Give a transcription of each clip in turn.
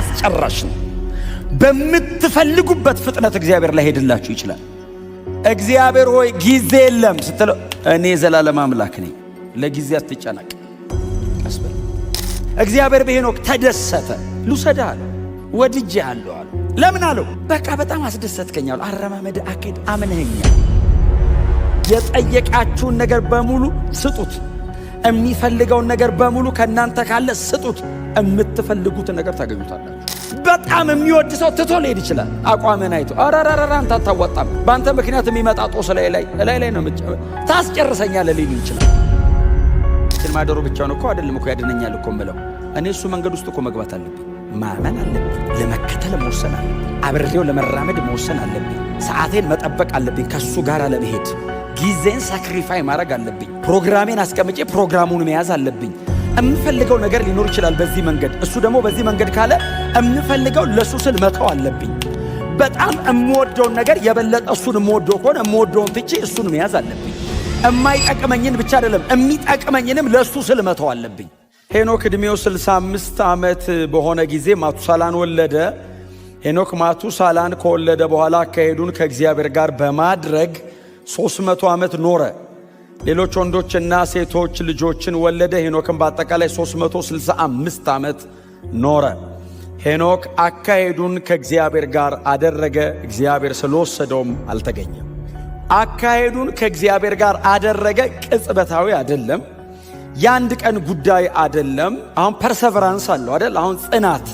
አስጨራሽ ነው። በምትፈልጉበት ፍጥነት እግዚአብሔር ላይሄድላችሁ ይችላል። እግዚአብሔር ሆይ ጊዜ የለም ስትለው እኔ ዘላለም አምላክ ነኝ፣ ለጊዜ አትጨነቅ። ቀስበል እግዚአብሔር በሄኖክ ተደሰተ። ልውሰድህ አለው፣ ወድጄህ አለው አለ። ለምን አለው? በቃ በጣም አስደሰትከኝ አለው። አረማመድ፣ አኬድ አምነኸኛል። የጠየቃችሁን ነገር በሙሉ ስጡት። የሚፈልገውን ነገር በሙሉ ከእናንተ ካለ ስጡት፣ የምትፈልጉትን ነገር ታገኙታላችሁ። በጣም የሚወድ ሰው ትቶ ሊሄድ ይችላል። አቋምን አይቶ አራራራ አንተ አታዋጣም፣ በአንተ ምክንያት የሚመጣ ጦስ ላይ ላይ ላይ ላይ ነው ታስጨርሰኛለህ ሊል ይችላል። ማደሩ ብቻውን እኮ አይደለም እኮ ያድነኛል እኮ ምለው እኔ እሱ መንገድ ውስጥ እኮ መግባት አለብኝ፣ ማመን አለብኝ፣ ለመከተል መወሰን አለብኝ፣ አብሬው ለመራመድ መወሰን አለብኝ፣ ሰዓቴን መጠበቅ አለብኝ ከሱ ጋር ለመሄድ ጊዜን ሳክሪፋይ ማድረግ አለብኝ። ፕሮግራሜን አስቀምጬ ፕሮግራሙን መያዝ አለብኝ። የምፈልገው ነገር ሊኖር ይችላል በዚህ መንገድ፣ እሱ ደግሞ በዚህ መንገድ ካለ እምፈልገው ለእሱ ስል መተው አለብኝ። በጣም የምወደውን ነገር የበለጠ እሱን የምወደው ከሆነ የምወደውን ትቼ እሱን መያዝ አለብኝ። የማይጠቅመኝን ብቻ አይደለም የሚጠቅመኝንም ለእሱ ስል መተው አለብኝ። ሄኖክ ዕድሜው 65 ዓመት በሆነ ጊዜ ማቱሳላን ወለደ። ሄኖክ ማቱሳላን ከወለደ በኋላ አካሄዱን ከእግዚአብሔር ጋር በማድረግ ሦስት መቶ ዓመት ኖረ። ሌሎች ወንዶችና ሴቶች ልጆችን ወለደ። ሄኖክም በአጠቃላይ 365 ዓመት ኖረ። ሄኖክ አካሄዱን ከእግዚአብሔር ጋር አደረገ፣ እግዚአብሔር ስለወሰደውም አልተገኘም። አካሄዱን ከእግዚአብሔር ጋር አደረገ። ቅጽበታዊ አይደለም፣ የአንድ ቀን ጉዳይ አይደለም። አሁን ፐርሰቨራንስ አለው አይደል? አሁን ጽናት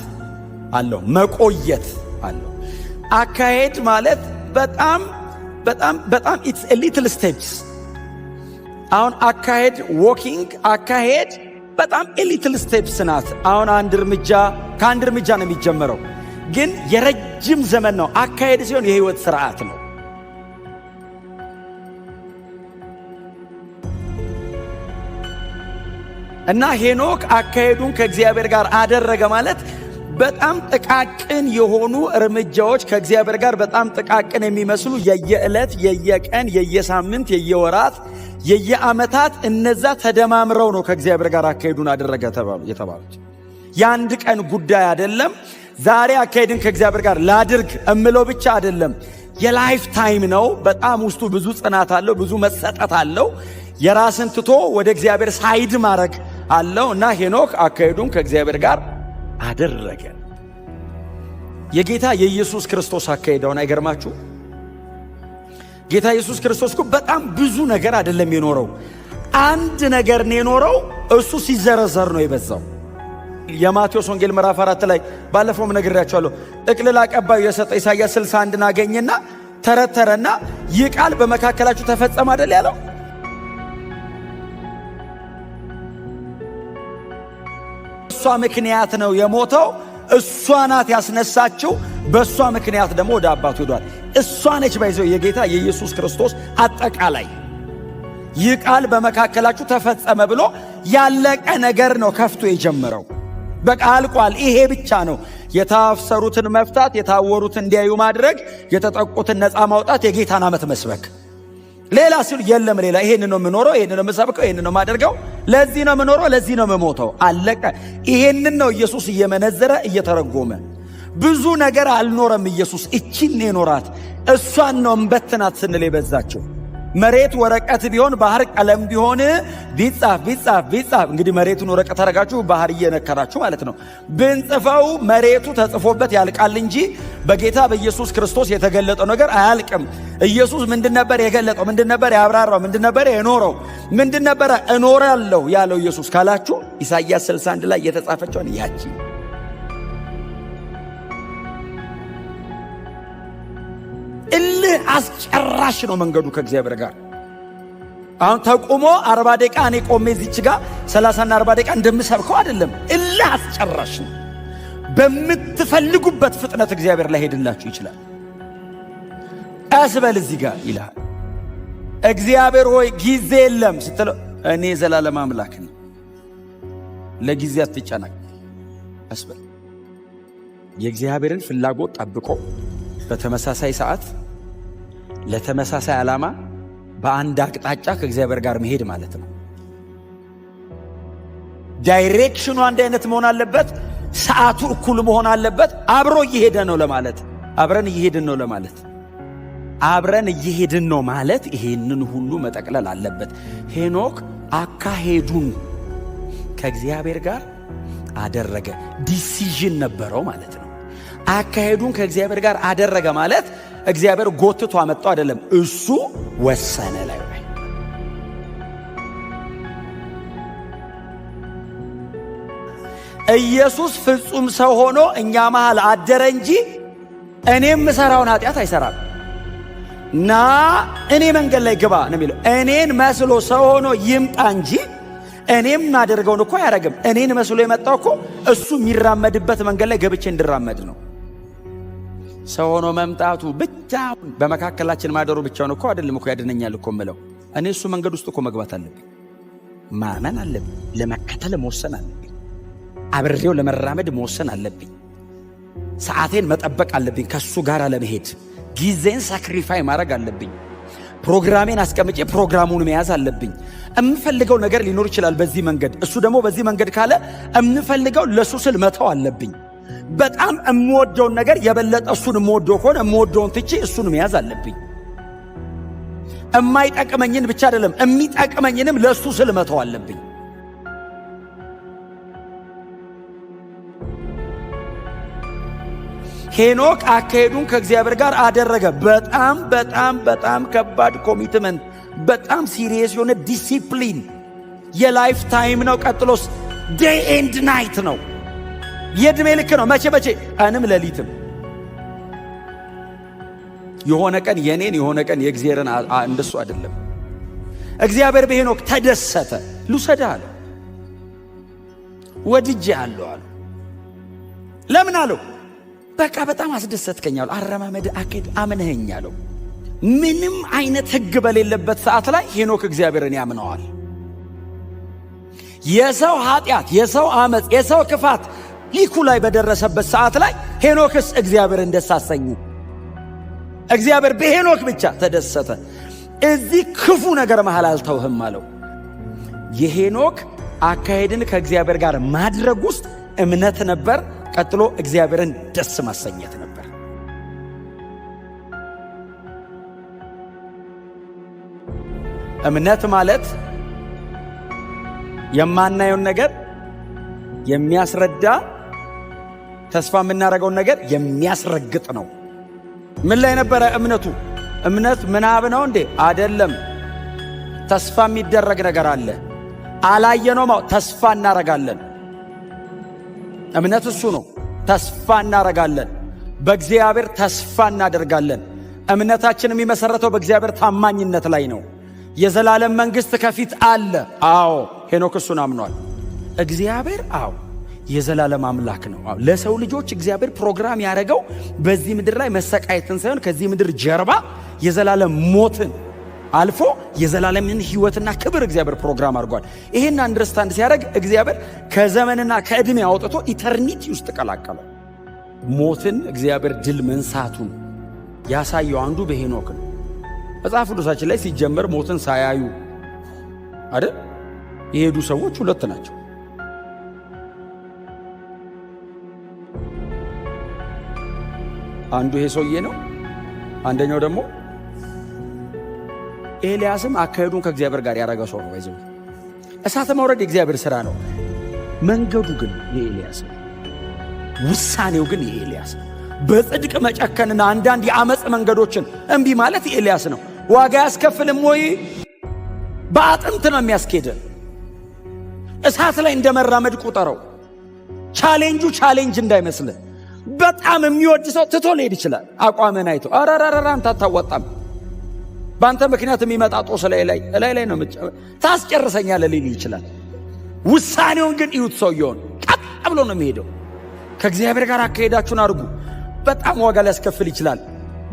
አለው፣ መቆየት አለው። አካሄድ ማለት በጣም በጣም በጣም ኢትስ ሊትል ስቴፕስ አሁን አካሄድ ዎኪንግ አካሄድ በጣም ኤሊትል ስቴፕስ ናት። አሁን አንድ እርምጃ ከአንድ እርምጃ ነው የሚጀመረው፣ ግን የረጅም ዘመን ነው። አካሄድ ሲሆን የህይወት ስርዓት ነው። እና ሄኖክ አካሄዱን ከእግዚአብሔር ጋር አደረገ ማለት በጣም ጥቃቅን የሆኑ እርምጃዎች ከእግዚአብሔር ጋር በጣም ጥቃቅን የሚመስሉ የየዕለት፣ የየቀን፣ የየሳምንት፣ የየወራት፣ የየዓመታት እነዛ ተደማምረው ነው ከእግዚአብሔር ጋር አካሄዱን አደረገ የተባሉት። የአንድ ቀን ጉዳይ አይደለም። ዛሬ አካሄድን ከእግዚአብሔር ጋር ላድርግ እምለው ብቻ አይደለም። የላይፍ ታይም ነው። በጣም ውስጡ ብዙ ጽናት አለው፣ ብዙ መሰጠት አለው። የራስን ትቶ ወደ እግዚአብሔር ሳይድ ማድረግ አለው እና ሄኖክ አካሄዱን ከእግዚአብሔር ጋር አደረገ። የጌታ የኢየሱስ ክርስቶስ አካሄደውን አይገርማችሁ? ጌታ ኢየሱስ ክርስቶስ እኮ በጣም ብዙ ነገር አይደለም የኖረው፣ አንድ ነገር ነው የኖረው። እሱ ሲዘረዘር ነው የበዛው። የማቴዎስ ወንጌል ምዕራፍ አራት ላይ ባለፈውም ነግሬያቸዋለሁ። ጠቅልል አቀባዩ የሰጠ ኢሳያስ 61ን አገኘና ተረተረና ይህ ቃል በመካከላችሁ ተፈጸመ አደል ያለው ምክንያት ነው የሞተው። እሷ ናት ያስነሳችው። በእሷ ምክንያት ደግሞ ወደ አባቱ ሄዷል። እሷ ነች ባይዘው የጌታ የኢየሱስ ክርስቶስ አጠቃላይ ይህ ቃል በመካከላችሁ ተፈጸመ ብሎ ያለቀ ነገር ነው። ከፍቶ የጀመረው በቃ አልቋል። ይሄ ብቻ ነው። የታሰሩትን መፍታት፣ የታወሩትን እንዲያዩ ማድረግ፣ የተጠቁትን ነፃ ማውጣት፣ የጌታን ዓመት መስበክ። ሌላ ሲሉ የለም ሌላ። ይሄን ነው የምኖረው፣ ይሄን ነው የምሰብከው፣ ይሄን ነው የማደርገው ለዚህ ነው የምኖረው፣ ለዚህ ነው የምሞተው። አለቀ። ይሄንን ነው ኢየሱስ እየመነዘረ እየተረጎመ። ብዙ ነገር አልኖረም ኢየሱስ፣ እቺን ኖራት እሷን ነው እንበትናት ስንል የበዛቸው መሬት ወረቀት ቢሆን ባህር ቀለም ቢሆን ቢጻፍ ቢጻፍ ቢጻፍ እንግዲህ መሬቱን ወረቀት አረጋችሁ ባህር እየነከራችሁ ማለት ነው። ብንጽፈው መሬቱ ተጽፎበት ያልቃል እንጂ በጌታ በኢየሱስ ክርስቶስ የተገለጠው ነገር አያልቅም። ኢየሱስ ምንድን ነበር የገለጠው? ምንድን ነበር ያብራራው? ምንድን ነበር የኖረው? ምንድን ነበር እኖራለሁ ያለው ኢየሱስ ካላችሁ ኢሳይያስ 61 ላይ የተጻፈችውን ያቺ አስጨራሽ ነው መንገዱ ከእግዚአብሔር ጋር። አሁን ተቁሞ አርባ ደቂቃ እኔ ቆሜ እዚች ጋር ሰላሳና አርባ ደቂቃ እንደምሰብከው አይደለም። እልህ አስጨራሽ ነው። በምትፈልጉበት ፍጥነት እግዚአብሔር ላይ ይችላል። ቀስ እዚህ ጋር ይልሃል። እግዚአብሔር ሆይ ጊዜ የለም ስትለው እኔ የዘላለም አምላክ ነኝ፣ ለጊዜ አትጨናቅ። ቀስ የእግዚአብሔርን ፍላጎት ጠብቆ በተመሳሳይ ሰዓት ለተመሳሳይ ዓላማ በአንድ አቅጣጫ ከእግዚአብሔር ጋር መሄድ ማለት ነው። ዳይሬክሽኑ አንድ አይነት መሆን አለበት። ሰዓቱ እኩል መሆን አለበት። አብሮ እየሄደ ነው ለማለት አብረን እየሄድን ነው ለማለት አብረን እየሄድን ነው ማለት ይሄንን ሁሉ መጠቅለል አለበት። ሄኖክ አካሄዱን ከእግዚአብሔር ጋር አደረገ፣ ዲሲዥን ነበረው ማለት ነው። አካሄዱን ከእግዚአብሔር ጋር አደረገ ማለት እግዚአብሔር ጎትቶ አመጣው አይደለም፣ እሱ ወሰነ። ላይ ኢየሱስ ፍጹም ሰው ሆኖ እኛ መሃል አደረ እንጂ እኔ ምሰራውን ኃጢአት አይሰራም። ና እኔ መንገድ ላይ ግባ ነው የሚለው። እኔን መስሎ ሰው ሆኖ ይምጣ እንጂ እኔ የማደርገውን እኮ አያደርግም። እኔን መስሎ የመጣው እኮ እሱ የሚራመድበት መንገድ ላይ ገብቼ እንድራመድ ነው። ሰው ሆኖ መምጣቱ ብቻውን በመካከላችን ማደሩ ብቻውን እኮ አይደለም እኮ ያድነኛል እኮ ምለው እኔ እሱ መንገድ ውስጥ እኮ መግባት አለብኝ፣ ማመን አለብኝ፣ ለመከተል መወሰን አለብኝ፣ አብሬው ለመራመድ መወሰን አለብኝ፣ ሰዓቴን መጠበቅ አለብኝ፣ ከሱ ጋር ለመሄድ ጊዜን ሳክሪፋይ ማድረግ አለብኝ፣ ፕሮግራሜን አስቀምጬ ፕሮግራሙን መያዝ አለብኝ። እምፈልገው ነገር ሊኖር ይችላል በዚህ መንገድ እሱ ደግሞ በዚህ መንገድ ካለ እምፈልገው ለሱ ስል መተው አለብኝ። በጣም የምወደውን ነገር የበለጠ እሱን የምወደው ከሆነ የምወደውን ትቼ እሱን መያዝ አለብኝ። የማይጠቅመኝን ብቻ አይደለም የሚጠቅመኝንም ለእሱ ስል መተው አለብኝ። ሄኖክ አካሄዱን ከእግዚአብሔር ጋር አደረገ። በጣም በጣም በጣም ከባድ ኮሚትመንት፣ በጣም ሲሪየስ የሆነ ዲሲፕሊን የላይፍ ታይም ነው። ቀጥሎስ ዴይ ኤንድ ናይት ነው። የእድሜ ልክ ነው። መቼ መቼ ቀንም ሌሊትም የሆነ ቀን የኔን የሆነ ቀን የእግዚአብሔርን እንደሱ አይደለም። እግዚአብሔር በሄኖክ ተደሰተ። ልውሰድህ አለ፣ ወድጄ አለው አለ። ለምን አለው? በቃ በጣም አስደሰትከኝ አለው። አረማመድ አኬድ አምነኸኝ አለው። ምንም አይነት ሕግ በሌለበት ሰዓት ላይ ሄኖክ እግዚአብሔርን ያምነዋል። የሰው ኃጢአት፣ የሰው አመፅ፣ የሰው ክፋት ሊኩ ላይ በደረሰበት ሰዓት ላይ ሄኖክስ እግዚአብሔርን ደስ አሰኘ። እግዚአብሔር በሄኖክ ብቻ ተደሰተ። እዚህ ክፉ ነገር መሃል አልተውህም አለው። የሄኖክ አካሄድን ከእግዚአብሔር ጋር ማድረግ ውስጥ እምነት ነበር። ቀጥሎ እግዚአብሔርን ደስ ማሰኘት ነበር። እምነት ማለት የማናየውን ነገር የሚያስረዳ ተስፋ የምናደርገውን ነገር የሚያስረግጥ ነው። ምን ላይ ነበረ እምነቱ? እምነት ምናብ ነው እንዴ? አደለም። ተስፋ የሚደረግ ነገር አለ። አላየነውም፣ ተስፋ እናረጋለን። እምነት እሱ ነው። ተስፋ እናረጋለን። በእግዚአብሔር ተስፋ እናደርጋለን። እምነታችን የሚመሰረተው በእግዚአብሔር ታማኝነት ላይ ነው። የዘላለም መንግሥት ከፊት አለ። አዎ ሄኖክ እሱን አምኗል። እግዚአብሔር አዎ የዘላለም አምላክ ነው። ለሰው ልጆች እግዚአብሔር ፕሮግራም ያደረገው በዚህ ምድር ላይ መሰቃየትን ሳይሆን ከዚህ ምድር ጀርባ የዘላለም ሞትን አልፎ የዘላለምን ሕይወትና ክብር እግዚአብሔር ፕሮግራም አድርጓል። ይህን አንደርስታንድ ሲያደርግ እግዚአብሔር ከዘመንና ከዕድሜ አውጥቶ ኢተርኒቲ ውስጥ ቀላቀለው። ሞትን እግዚአብሔር ድል መንሳቱን ያሳየው አንዱ በሄኖክ ነው። መጽሐፍ ቅዱሳችን ላይ ሲጀመር ሞትን ሳያዩ አይደል የሄዱ ሰዎች ሁለት ናቸው። አንዱ ይሄ ሰውዬ ነው። አንደኛው ደግሞ ኤልያስም አካሄዱን ከእግዚአብሔር ጋር ያደረገ ሰው ነው። ይዘ እሳት ማውረድ የእግዚአብሔር ስራ ነው። መንገዱ ግን የኤልያስ ነው። ውሳኔው ግን የኤልያስ ነው። በጽድቅ መጨከንና አንዳንድ የአመፅ መንገዶችን እምቢ ማለት የኤልያስ ነው። ዋጋ ያስከፍልም ወይ በአጥንት ነው የሚያስኬድን። እሳት ላይ እንደ መራመድ ቁጠረው። ቻሌንጁ ቻሌንጅ እንዳይመስልህ። በጣም የሚወድ ሰው ትቶ ሊሄድ ይችላል። አቋምን አይቶ አራራራ አንተ አታዋጣም፣ በአንተ ምክንያት የሚመጣ ጦስ ላይ ላይ ላይ ላይ ነው ታስጨርሰኛለህ ሊል ይችላል። ውሳኔውን ግን እዩት። ሰውየውን ቀጥ ብሎ ነው የሚሄደው። ከእግዚአብሔር ጋር አካሄዳችሁን አድርጉ። በጣም ዋጋ ሊያስከፍል ይችላል።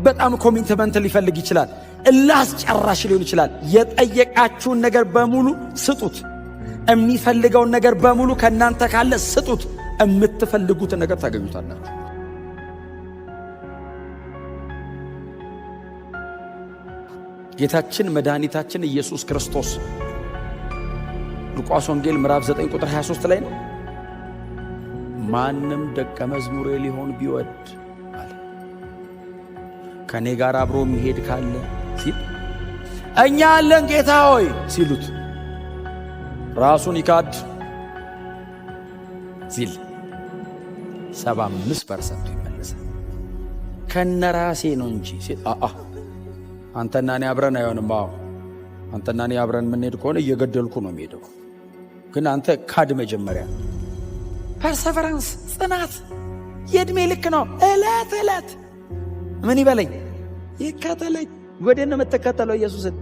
በጣም ኮሚትመንት ሊፈልግ ይችላል። እላስጨራሽ ሊሆን ይችላል። የጠየቃችሁን ነገር በሙሉ ስጡት። የሚፈልገውን ነገር በሙሉ ከእናንተ ካለ ስጡት። የምትፈልጉትን ነገር ታገኙታላችሁ። ጌታችን መድኃኒታችን ኢየሱስ ክርስቶስ ሉቃስ ወንጌል ምዕራፍ 9 ቁጥር 23 ላይ ነው። ማንም ደቀ መዝሙሬ ሊሆን ቢወድ አለ ከእኔ ጋር አብሮ የሚሄድ ካለ ሲል እኛ አለን ጌታ ሆይ ሲሉት ራሱን ይካድ ሲል 75 ፐርሰንቱ ይመለሳል። ከነራሴ ነው እንጂ አንተና እኔ አብረን አይሆንም። አዎ አንተና እኔ አብረን የምንሄድ ከሆነ እየገደልኩ ነው የሚሄደው። ግን አንተ ካድ መጀመሪያ ፐርሰቨራንስ ጽናት የእድሜ ልክ ነው። እለት እለት ምን ይበለኝ ይከተለኝ። ወዴት ነው የምትከተለው? ኢየሱስን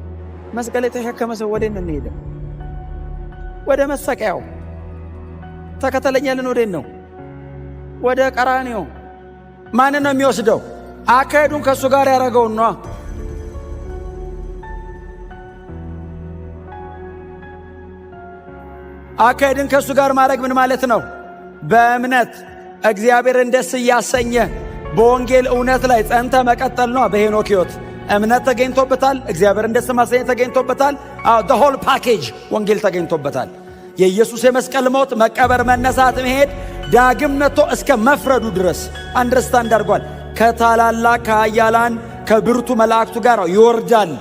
መስቀል የተሸከመ ሰው ወደን እንሄደ? ወደ መሰቀያው። ተከተለኛልን ያለን ነው? ወደ ቀራንዮ። ማንን ነው የሚወስደው? አካሄዱን ከእሱ ጋር ያደረገውና አካሄድን ከእሱ ጋር ማድረግ ምን ማለት ነው? በእምነት እግዚአብሔርን ደስ እያሰኘ በወንጌል እውነት ላይ ጸንተ መቀጠል ነው። በሄኖክ ሕይወት እምነት ተገኝቶበታል። እግዚአብሔርን ደስ ማሰኘት ተገኝቶበታል። ሆል ፓኬጅ ወንጌል ተገኝቶበታል። የኢየሱስ የመስቀል ሞት፣ መቀበር፣ መነሳት፣ መሄድ ዳግም መጥቶ እስከ መፍረዱ ድረስ አንደርስታንድ አድርጓል። ከታላላቅ ከኃያላን ከብርቱ መላእክቱ ጋር ይወርዳል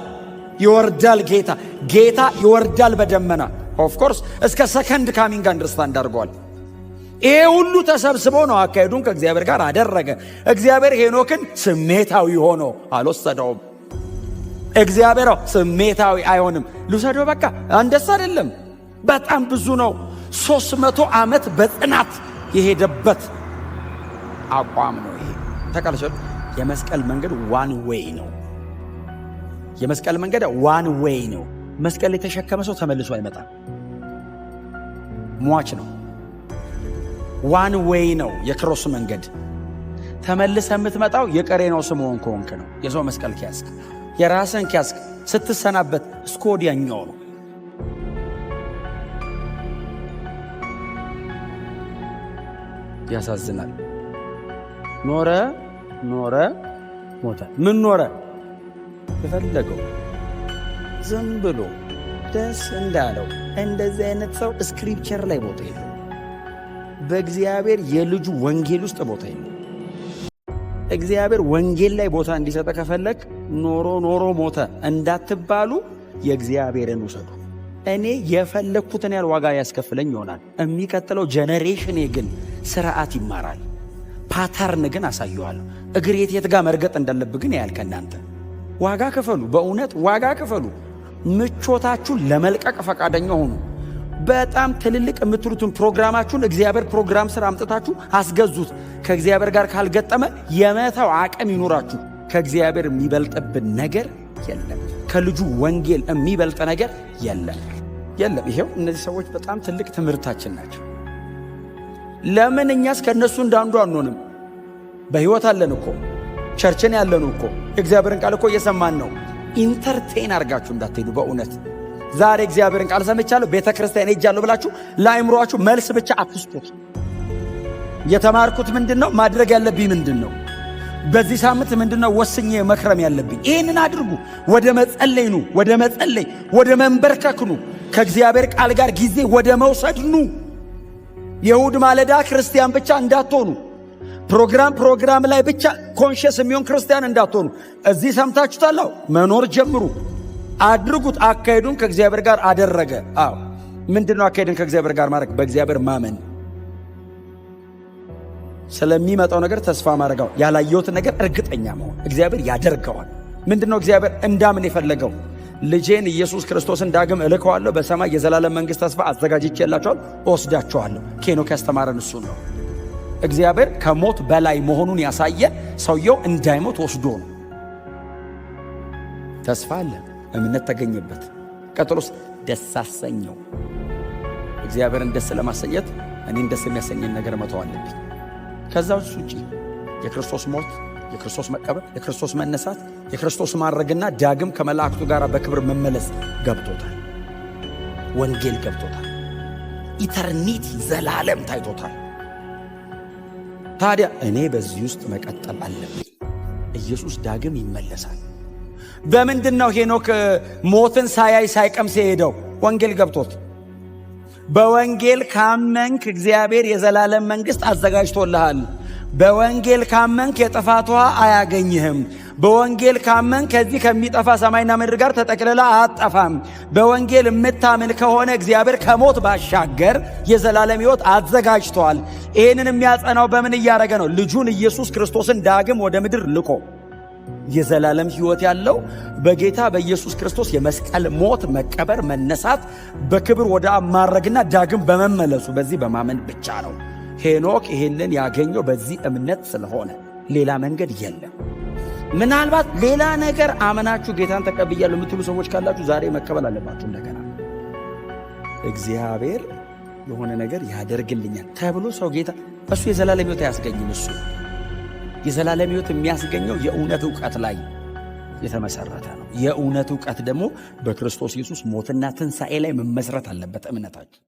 ይወርዳል ጌታ ጌታ ይወርዳል በደመና ኦፍ ኮርስ እስከ ሰከንድ ካሚንግ አንደርስታንድ አድርጓል። ይሄ ሁሉ ተሰብስቦ ነው አካሄዱን ከእግዚአብሔር ጋር አደረገ። እግዚአብሔር ሄኖክን ስሜታዊ ሆኖ አልወሰደውም። እግዚአብሔር ስሜታዊ አይሆንም። ልውሰደው በቃ አንደስ አይደለም። በጣም ብዙ ነው። ሦስት መቶ ዓመት በጥናት የሄደበት አቋም ነው። ይሄ ተቃለሸ የመስቀል መንገድ ዋን ዌይ ነው። የመስቀል መንገድ ዋን ዌይ ነው። መስቀል የተሸከመ ሰው ተመልሶ አይመጣም። ሟች ነው። ዋን ዌይ ነው የክሮስ መንገድ። ተመልሰ የምትመጣው የቀሬናው ስምዖን ከሆንክ ነው። የሰው መስቀል ኪያስክ የራስን ኪያስክ ስትሰናበት እስከ ወዲያኛው ነው። ያሳዝናል። ኖረ ኖረ ሞተ። ምን ኖረ የፈለገው ዝም ብሎ ደስ እንዳለው እንደዚህ አይነት ሰው ስክሪፕቸር ላይ ቦታ የለው። በእግዚአብሔር የልጁ ወንጌል ውስጥ ቦታ የለው። እግዚአብሔር ወንጌል ላይ ቦታ እንዲሰጠ ከፈለግ ኖሮ ኖሮ ሞተ እንዳትባሉ የእግዚአብሔርን ውሰዱ። እኔ የፈለግኩትን ያህል ዋጋ ያስከፍለኝ ይሆናል። የሚቀጥለው ጀኔሬሽኔ ግን ስርዓት ይማራል። ፓተርን ግን አሳየዋለሁ። እግሬት የት ጋር መርገጥ እንዳለብ ግን ያያል። ከእናንተ ዋጋ ክፈሉ፣ በእውነት ዋጋ ክፈሉ። ምቾታችሁን ለመልቀቅ ፈቃደኛ ሆኑ። በጣም ትልልቅ የምትሉትን ፕሮግራማችሁን እግዚአብሔር ፕሮግራም ስር አምጥታችሁ አስገዙት። ከእግዚአብሔር ጋር ካልገጠመ የመተው አቅም ይኖራችሁ ከእግዚአብሔር የሚበልጥብን ነገር የለም። ከልጁ ወንጌል የሚበልጥ ነገር የለም የለም። ይሄው እነዚህ ሰዎች በጣም ትልቅ ትምህርታችን ናቸው። ለምን እኛስ ከእነሱ እንዳንዱ አንሆንም? በሕይወት አለን እኮ ቸርችን ያለን እኮ የእግዚአብሔርን ቃል እኮ እየሰማን ነው። ኢንተርቴን አድርጋችሁ እንዳትሄዱ። በእውነት ዛሬ እግዚአብሔርን ቃል ሰምቻለሁ፣ ቤተ ክርስቲያን ሄጃለሁ ብላችሁ ለአይምሯችሁ መልስ ብቻ አትስጡት። የተማርኩት ምንድን ነው? ማድረግ ያለብኝ ምንድን ነው? በዚህ ሳምንት ምንድነው ነው ወስኜ መክረም ያለብኝ? ይህንን አድርጉ። ወደ መጸለይ ኑ፣ ወደ መጸለይ፣ ወደ መንበርከክ ኑ፣ ከእግዚአብሔር ቃል ጋር ጊዜ ወደ መውሰድ ኑ። የእሁድ ማለዳ ክርስቲያን ብቻ እንዳትሆኑ። ፕሮግራም ፕሮግራም ላይ ብቻ ኮንሽስ የሚሆን ክርስቲያን እንዳትሆኑ። እዚህ ሰምታችሁታላው። መኖር ጀምሩ፣ አድርጉት። አካሄዱን ከእግዚአብሔር ጋር አደረገ። አዎ ምንድን ነው አካሄድን ከእግዚአብሔር ጋር ማድረግ? በእግዚአብሔር ማመን፣ ስለሚመጣው ነገር ተስፋ ማድረጋው፣ ያላየሁትን ነገር እርግጠኛ መሆን። እግዚአብሔር ያደርገዋል። ምንድን ነው እግዚአብሔር እንዳምን የፈለገው? ልጄን ኢየሱስ ክርስቶስን ዳግም እልከዋለሁ፣ በሰማይ የዘላለም መንግሥት ተስፋ አዘጋጅቼላችኋል፣ ወስዳቸዋለሁ። ኬኖክ ያስተማረን እሱ ነው። እግዚአብሔር ከሞት በላይ መሆኑን ያሳየ ሰውየው እንዳይሞት ወስዶ ነው። ተስፋ አለ፣ እምነት ተገኘበት። ቀጥሎስ ደስ አሰኘው። እግዚአብሔርን ደስ ለማሰኘት እኔን ደስ የሚያሰኘን ነገር መተው አለብኝ። ከዛ ውጭ የክርስቶስ ሞት፣ የክርስቶስ መቀበር፣ የክርስቶስ መነሳት፣ የክርስቶስ ማድረግና ዳግም ከመላእክቱ ጋር በክብር መመለስ ገብቶታል። ወንጌል ገብቶታል። ኢተርኒቲ ዘላለም ታይቶታል። ታዲያ እኔ በዚህ ውስጥ መቀጠል አለብኝ። ኢየሱስ ዳግም ይመለሳል። በምንድን ነው ሄኖክ ሞትን ሳያይ ሳይቀምስ የሄደው? ወንጌል ገብቶት በወንጌል ካመንክ እግዚአብሔር የዘላለም መንግሥት አዘጋጅቶልሃል። በወንጌል ካመንክ የጥፋቷ አያገኝህም። በወንጌል ካመን ከዚህ ከሚጠፋ ሰማይና ምድር ጋር ተጠቅልላ አጠፋም። በወንጌል የምታምን ከሆነ እግዚአብሔር ከሞት ባሻገር የዘላለም ሕይወት አዘጋጅተዋል። ይህንን የሚያጸናው በምን እያደረገ ነው? ልጁን ኢየሱስ ክርስቶስን ዳግም ወደ ምድር ልኮ የዘላለም ሕይወት ያለው በጌታ በኢየሱስ ክርስቶስ የመስቀል ሞት፣ መቀበር፣ መነሳት፣ በክብር ወደ ማረግና ዳግም በመመለሱ በዚህ በማመን ብቻ ነው። ሄኖክ ይሄንን ያገኘው በዚህ እምነት ስለሆነ ሌላ መንገድ የለም። ምናልባት ሌላ ነገር አመናችሁ ጌታን ተቀብያለሁ የምትሉ ሰዎች ካላችሁ ዛሬ መቀበል አለባችሁ። እንደገና እግዚአብሔር የሆነ ነገር ያደርግልኛል ተብሎ ሰው ጌታ እሱ የዘላለም ሕይወት አያስገኝም። እሱ የዘላለም ሕይወት የሚያስገኘው የእውነት እውቀት ላይ የተመሰረተ ነው። የእውነት እውቀት ደግሞ በክርስቶስ ኢየሱስ ሞትና ትንሣኤ ላይ መመስረት አለበት እምነታችን።